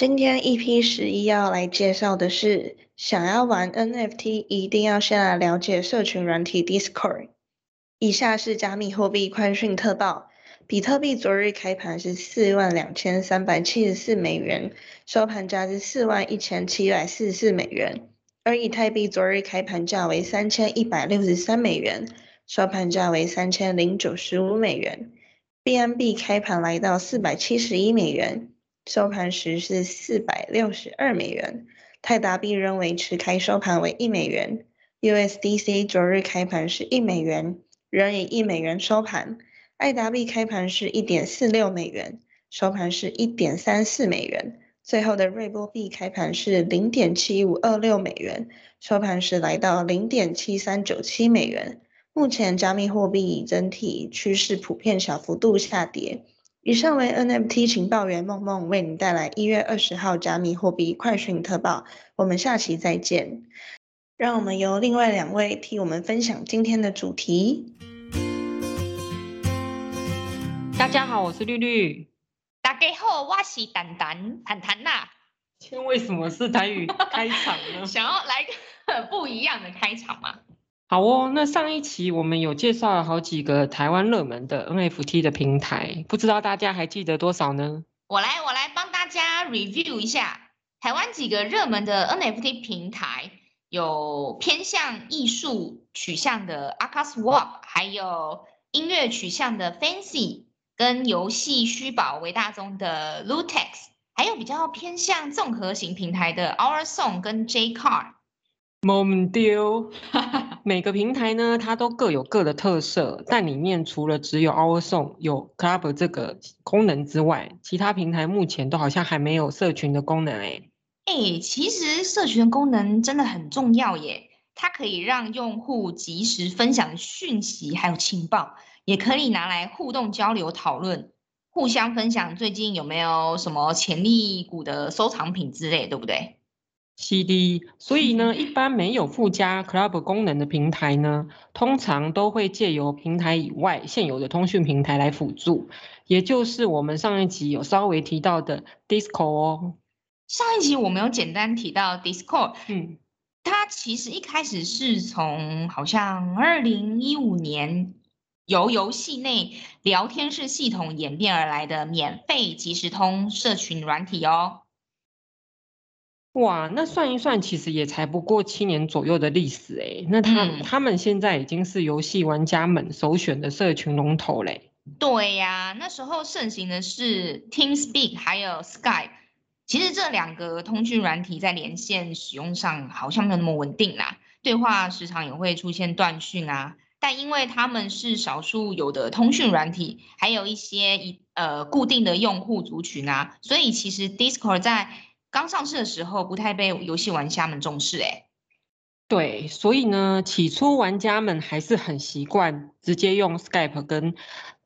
今天 EP 十一要來介紹的是，想要玩 NFT，一定要先來了解社群軟體 Discord。以下是加密貨幣快訊特報：比特幣昨日開盤是四萬兩千三百七十四美元，收盤價是四萬一千七百四十四美元；而以太幣昨日開盤價為三千一百六十三美元，收盤價為三千零九十五美元。BNB 開盤來到四百七十一美元。收盤時是四百六十二美元，泰達幣仍維持開收盤為一美元。USDC 昨日開盤是一美元，仍以一美元收盤。愛達幣開盤是一點四六美元，收盤是一點三四美元。最後的瑞波幣開盤是零點七五二六美元，收盤時來到零點七三九七美元。目前加密貨幣整體趨勢普遍小幅度下跌。以上為 NFT 情報員夢夢為你帶來一月二十號加密貨幣快訊特報，我們下期再見。讓我們由另外兩位替我們分享今天的主題。大家好，我是綠綠。大家好，我是談談，談談吶。今天為什麼是台語開場呢？ 想要來個不一樣的開場嗎？好哦，那上一期我們有介紹了好幾個台灣熱門的 NFT 的平台，不知道大家還記得多少呢？我來我來幫大家 review 一下台灣幾個熱門的 NFT 平台，有偏向藝術取向的 akaSwap，還有音樂取向的 Fancy，跟遊戲虛寶為大宗的 Lootex，還有比較偏向綜合型平台的 Our Song 跟 JCar。懵掉！每個平台呢，它都各有各的特色，但裡面除了只有 Our Song 有 Club 這個功能之外，其他平台目前都好像還沒有社群的功能誒誒、欸、其實社群的功能真的很重要耶，它可以讓用戶及時分享訊息還有情報，也可以拿來互動交流討論，互相分享最近有沒有什麼潛力股的收藏品之類，對不對？C D，所以呢，一般沒有附加 Club 功能的平台呢，通常都會借由平台以外現有的通訊平台來輔助，也就是我們上一集有稍微提到的 Discord 哦。上一集我們有簡單提到 Discord，嗯，它其實一開始是從好像二零一五年由遊戲內聊天室系統演變而來的免費即時通社群軟體哦。哇，那算一算，其實也才不過七年左右的歷史哎、欸。那他、嗯、他們現在已經是遊戲玩家們首選的社群龍頭嘞、欸。對呀、啊，那時候盛行的是 TeamSpeak 還有 Skype，其實這兩個通訊軟體在連線使用上好像沒有那麼穩定啦，對話時常也會出現斷訊啊。但因為他們是少數有的通訊軟體，還有一些一呃固定的用戶族群啊，所以其實 Discord 在剛上市的時候不太被遊戲玩家們重視、欸，哎，對，所以呢，起初玩家們還是很習慣直接用 Skype 跟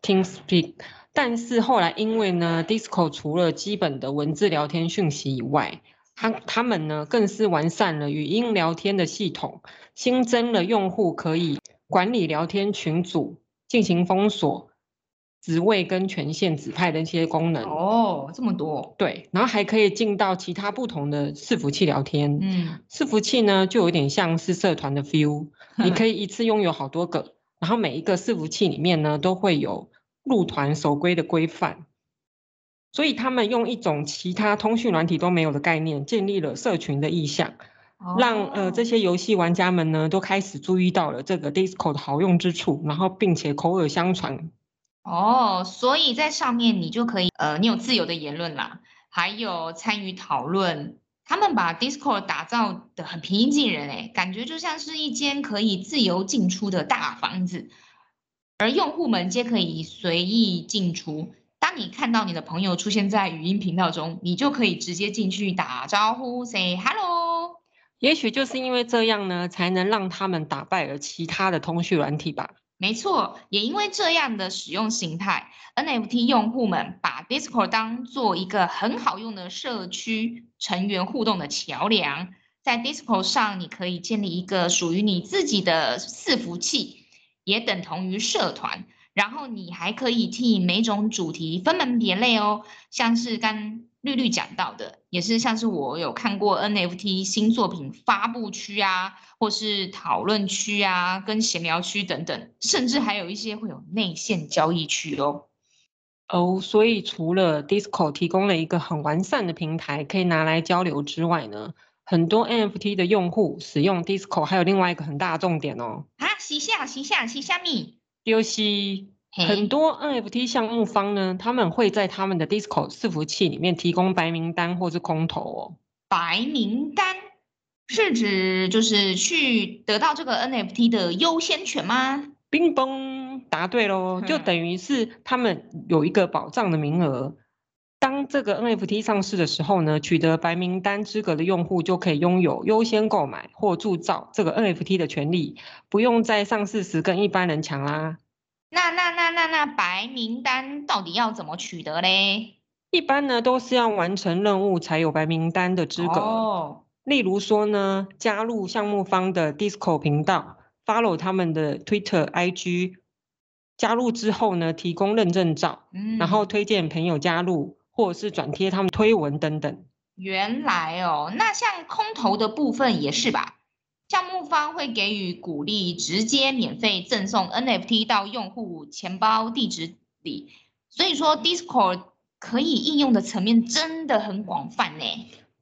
Teamspeak，但是後來因為呢，d i s c o 除了基本的文字聊天訊息以外，他，他們呢更是完善了語音聊天的系統，新增了用戶可以管理聊天群組，進行封鎖。職位跟權限指派的一些功能哦，這麼多對，然後還可以進到其他不同的伺服器聊天。嗯，伺服器呢就有點像是社團的 view，你可以一次擁有好多個，然後每一個伺服器裡面呢都會有入團守規的規範。所以他們用一種其他通訊軟體都沒有的概念，建立了社群的意向，讓呃這些遊戲玩家們呢都開始注意到了這個 Discord 的好用之處，然後並且口耳相傳。哦，oh，所以在上面你就可以，呃，你有自由的言論啦，還有參與討論。他們把 Discord 打造的很平易近人，欸，誒，感覺就像是一間可以自由進出的大房子，而用戶們皆可以隨意進出。當你看到你的朋友出現在語音頻道中，你就可以直接進去打招呼，say hello。也許就是因為這樣呢，才能讓他們打敗了其他的通訊軟體吧。沒錯，也因為這樣的使用形態，NFT 用戶們把 Discord 當做一個很好用的社區成員互動的橋樑。在 Discord 上，你可以建立一個屬於你自己的伺服器，也等同於社團。然後你還可以替每種主題分門別類哦，像是剛剛綠綠講到的，也是像是我有看過 NFT 新作品發佈區啊，或是討論區啊，跟閒聊區等等，甚至還有一些會有內線交易區哦。哦，所以除了 Discord 提供了一個很完善的平台可以拿來交流之外呢，很多 NFT 的用戶使用 Discord 還有另外一個很大的重點哦。啊，旗下旗下旗下咪？丟棄很多 NFT 項目方呢，hey, 他們會在他們的 Discord 伺服器裡面提供白名單或是空投哦。白名單是指就是去得到這個 NFT 的優先權嗎？冰崩，答對嘍，就等於是他們有一個保障的名額。當這個 NFT 上市的時候呢，取得白名單資格的用戶就可以擁有優先購買或鑄造這個 NFT 的權利，不用在上市時跟一般人搶啦、啊。那那那那那白名單到底要怎麼取得嘞？一般呢都是要完成任務才有白名單的資格。哦、oh.。例如說呢，加入項目方的 Discord 頻道，follow 他們的 Twitter、IG，加入之後呢，提供認證照，嗯、然後推薦朋友加入。或者是轉貼他們推文等等。原來哦，那像空投的部分也是吧？項目方會給予鼓勵，直接免費贈送 NFT 到用戶錢包地址裡。所以說，Discord 可以應用的層面真的很廣泛呢。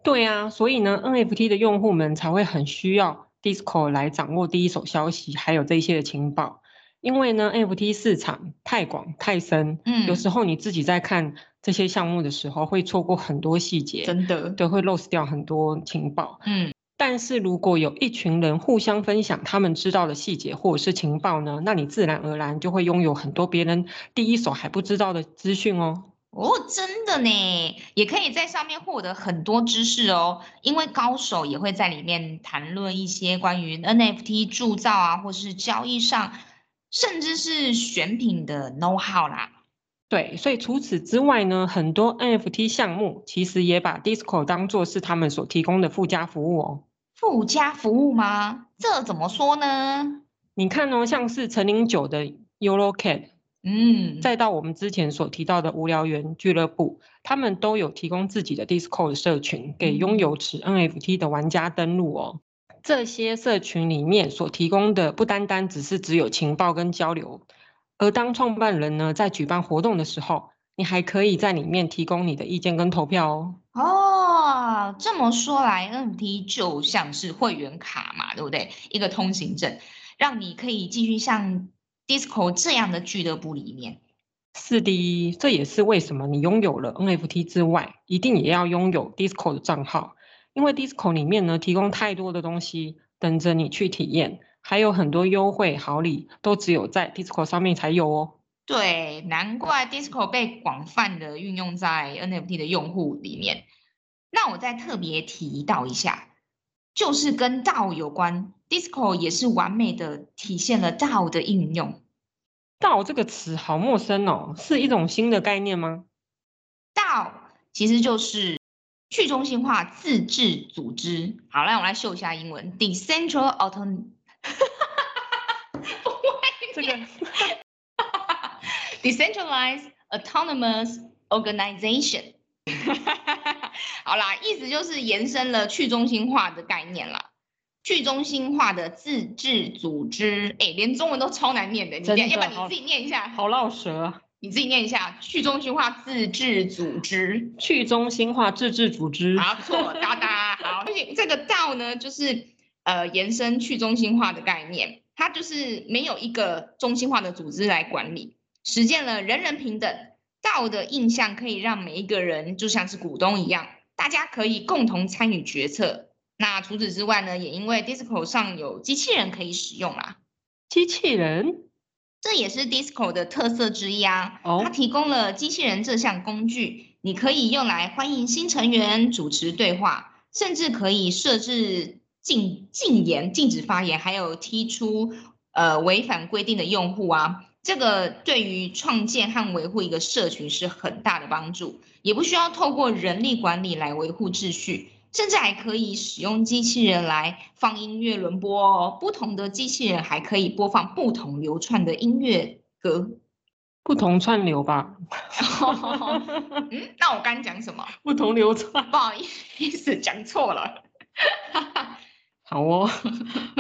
對啊，所以呢，NFT 的用戶們才會很需要 Discord 來掌握第一手消息，還有這些的情報。因為呢，NFT 市場太廣太深，嗯，有時候你自己在看。這些項目的時候會錯過很多細節，真的都會 lose 掉很多情報。嗯，但是如果有一群人互相分享他們知道的細節或者是情報呢，那你自然而然就會擁有很多別人第一手還不知道的資訊哦。哦，真的呢，也可以在上面獲得很多知識哦，因為高手也會在裡面談論一些關於 NFT 鑄造啊，或是交易上，甚至是選品的 know how 啦。對，所以除此之外呢，很多 NFT 項目其實也把 Discord 當作是他們所提供的附加服務哦。附加服務嗎？這怎麼說呢？你看哦，像是陳零九的 YOLO Cat，嗯，再到我們之前所提到的無聊猿俱樂部，他們都有提供自己的 Discord 社群給擁有此 NFT 的玩家登錄哦、嗯。這些社群裡面所提供的不單單只是只有情報跟交流。而當創辦人呢在舉辦活動的時候，你還可以在裡面提供你的意見跟投票哦。哦，這麼說來，NFT 就像是會員卡嘛，對不對？一個通行證，讓你可以繼續像 Discord 這樣的俱樂部裡面。是的，這也是為什麼你擁有了 NFT 之外，一定也要擁有 Discord 的賬號，因為 Discord 裡面呢提供太多的東西等着你去體驗。還有很多優惠好禮都只有在 Discord 上面才有哦。對，難怪 Discord 被廣泛的運用在 NFT 的用戶裡面。那我再特別提到一下，就是跟 DAO 有關，Discord 也是完美的體現了 DAO 的應用。DAO 這個詞好陌生哦，是一種新的概念嗎？DAO、嗯、其實就是去中心化自治組織。好，來我來秀一下英文 d e c e n t r a l a u t o n o m r n a t i o n 這個，Decentralized Autonomous Organization， 好啦，意思就是延伸了去中心化的概念了，去中心化的自治組織，哎、欸，連中文都超難念的，你要不你自己念一下？好繞舌，你自己念一下，去中心化自治組織，去中心化自治組織， 好，錯，噠噠，好，而且這個“道”呢，就是。呃，延伸去中心化的概念，它就是沒有一個中心化的組織來管理，實踐了人人平等。道的印象可以讓每一個人就像是股東一樣，大家可以共同參與決策。那除此之外呢，也因為 Discord 上有機器人可以使用啦。機器人，這也是 Discord 的特色之一啊、哦。它提供了機器人這項工具，你可以用來歡迎新成員、主持對話，甚至可以設置。禁禁言、禁止發言，還有踢出，呃違反規定的用戶啊，這個對於創建和維護一個社群是很大的幫助，也不需要透過人力管理來維護秩序，甚至還可以使用機器人來放音樂輪播、哦，不同的機器人還可以播放不同流串的音樂歌，不同串流吧？ 哦哦、嗯，那我剛講什麼？不同流串？不好意思，講錯了。 好哦，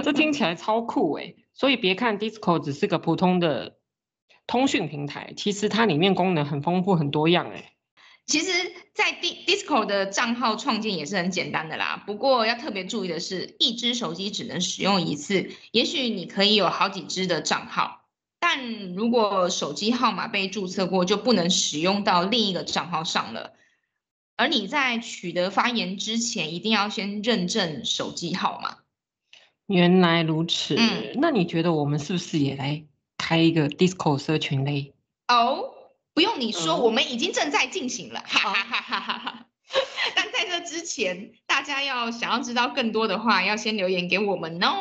這聽起來超酷誒， 所以別看 Discord 只是個普通的通訊平台，其實它裡面功能很豐富，很多樣誒。其實，在 Di Discord 的賬號創建也是很簡單的啦。不過要特別注意的是，一支手機只能使用一次。也許你可以有好幾支的賬號，但如果手機號碼被注冊過，就不能使用到另一個賬號上了。而你在取得發言之前，一定要先認證手機號碼。原來如此、嗯，那你覺得我們是不是也來開一個 Discord 社群嘞？哦、oh，不用你說，oh。我們已經正在進行了，哈哈哈哈哈哈。但在這之前，大家要想要知道更多的話，要先留言給我們哦。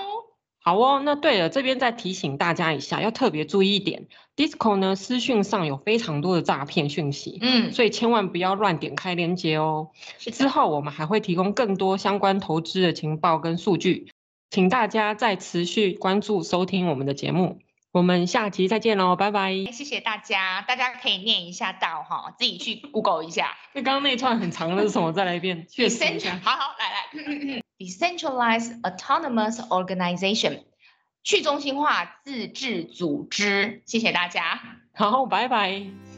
好哦，那對了，這邊再提醒大家一下，要特別注意一點，Discord 呢，私訊上有非常多的詐騙訊息，嗯，所以千萬不要亂點開鏈接哦。之後我們還會提供更多相關投資的情報跟數據。請大家再持續關注、收聽我們的節目，我們下期再見嘍，拜拜！謝謝大家，大家可以念一下到哈，自己去 Google 一下。那剛剛那串很長的是什麼？再來一遍。去中心化， 好好來來。Decentralized autonomous organization，去中心化自治組織。謝謝大家，好，拜拜。